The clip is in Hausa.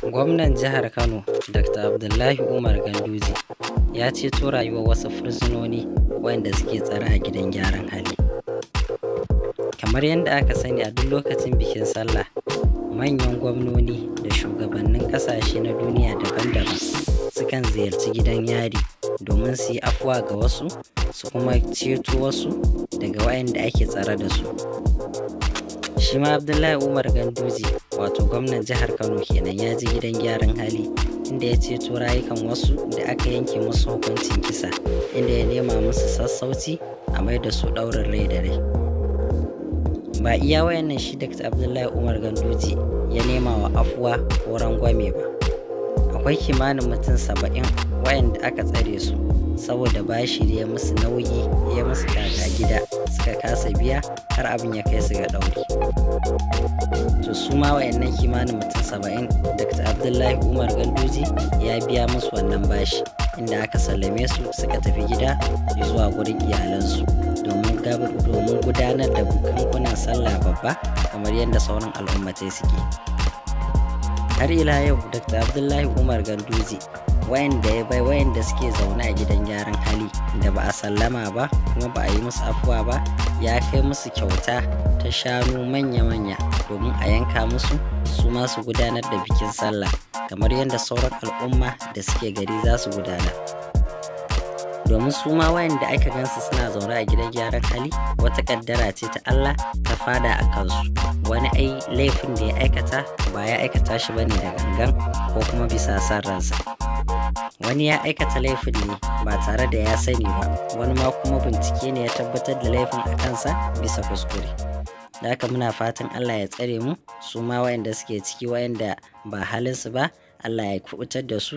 Gwamnan jihar Kano, Dr. Abdullahi Umar Ganduzi, ya ceto rayuwar wasu fursunoni wanda suke tsare a gidan gyaran hali. Kamar yadda aka sani a duk lokacin bikin sallah, manyan gwamnoni da shugabannin kasashe na duniya daban-daban sukan ziyarci gidan yari domin su yi afuwa ga wasu su kuma ceto wasu daga waɗanda ake tsare da su. shi ma abdullahi umar ganduzi wato gwamnan jihar kano kenan ya ji gidan gyaran hali inda ya ceto rayukan wasu da aka yanke musu hukuncin kisa inda ya nema musu sassauci a mai da su ɗaurin rai da rai ba iya wayannan shi dr abdullahi umar ganduzi ya nema wa afuwa ko rangwame ba akwai kimanin mutum saba'in wayanda aka tsare su saboda bashi da ya musu nauyi ya musu gida Ka kasa biya har abin ya kai su ga ɗauri to su ma wayannan kimanin mutum saba'in dr abdullahi umar ganduji ya biya musu wannan bashi inda aka sallame su suka tafi gida zuwa gurin iyalansu domin domin gudanar da bukunkunan sallah babba kamar yadda sauran al'ummatai suke har ila yau dr abdullahi umar Ganduzi. wayanda ya bai wayanda suke zaune a gidan gyaran hali da ba a sallama ba kuma ba a yi musu afuwa ba ya kai musu kyauta ta shanu manya-manya domin a yanka musu su ma su gudanar da bikin sallah kamar yadda sauran al'umma da suke gari za su gudana domin su ma wayanda aka gansu suna zaune a gidan gyaran hali wata kaddara ce ta Allah ta fada a kansu wani ai laifin da ya aikata ba ya aikata shi bane da gangan ko kuma bisa san ransa wani ya aikata laifin ne ba tare da ya sani ba wani ma kuma bincike ne ya tabbatar da laifin a kansa bisa kuskure da haka muna fatan allah ya tsare mu su ma wayanda suke ciki wayanda ba halinsu ba allah ya kubutar da su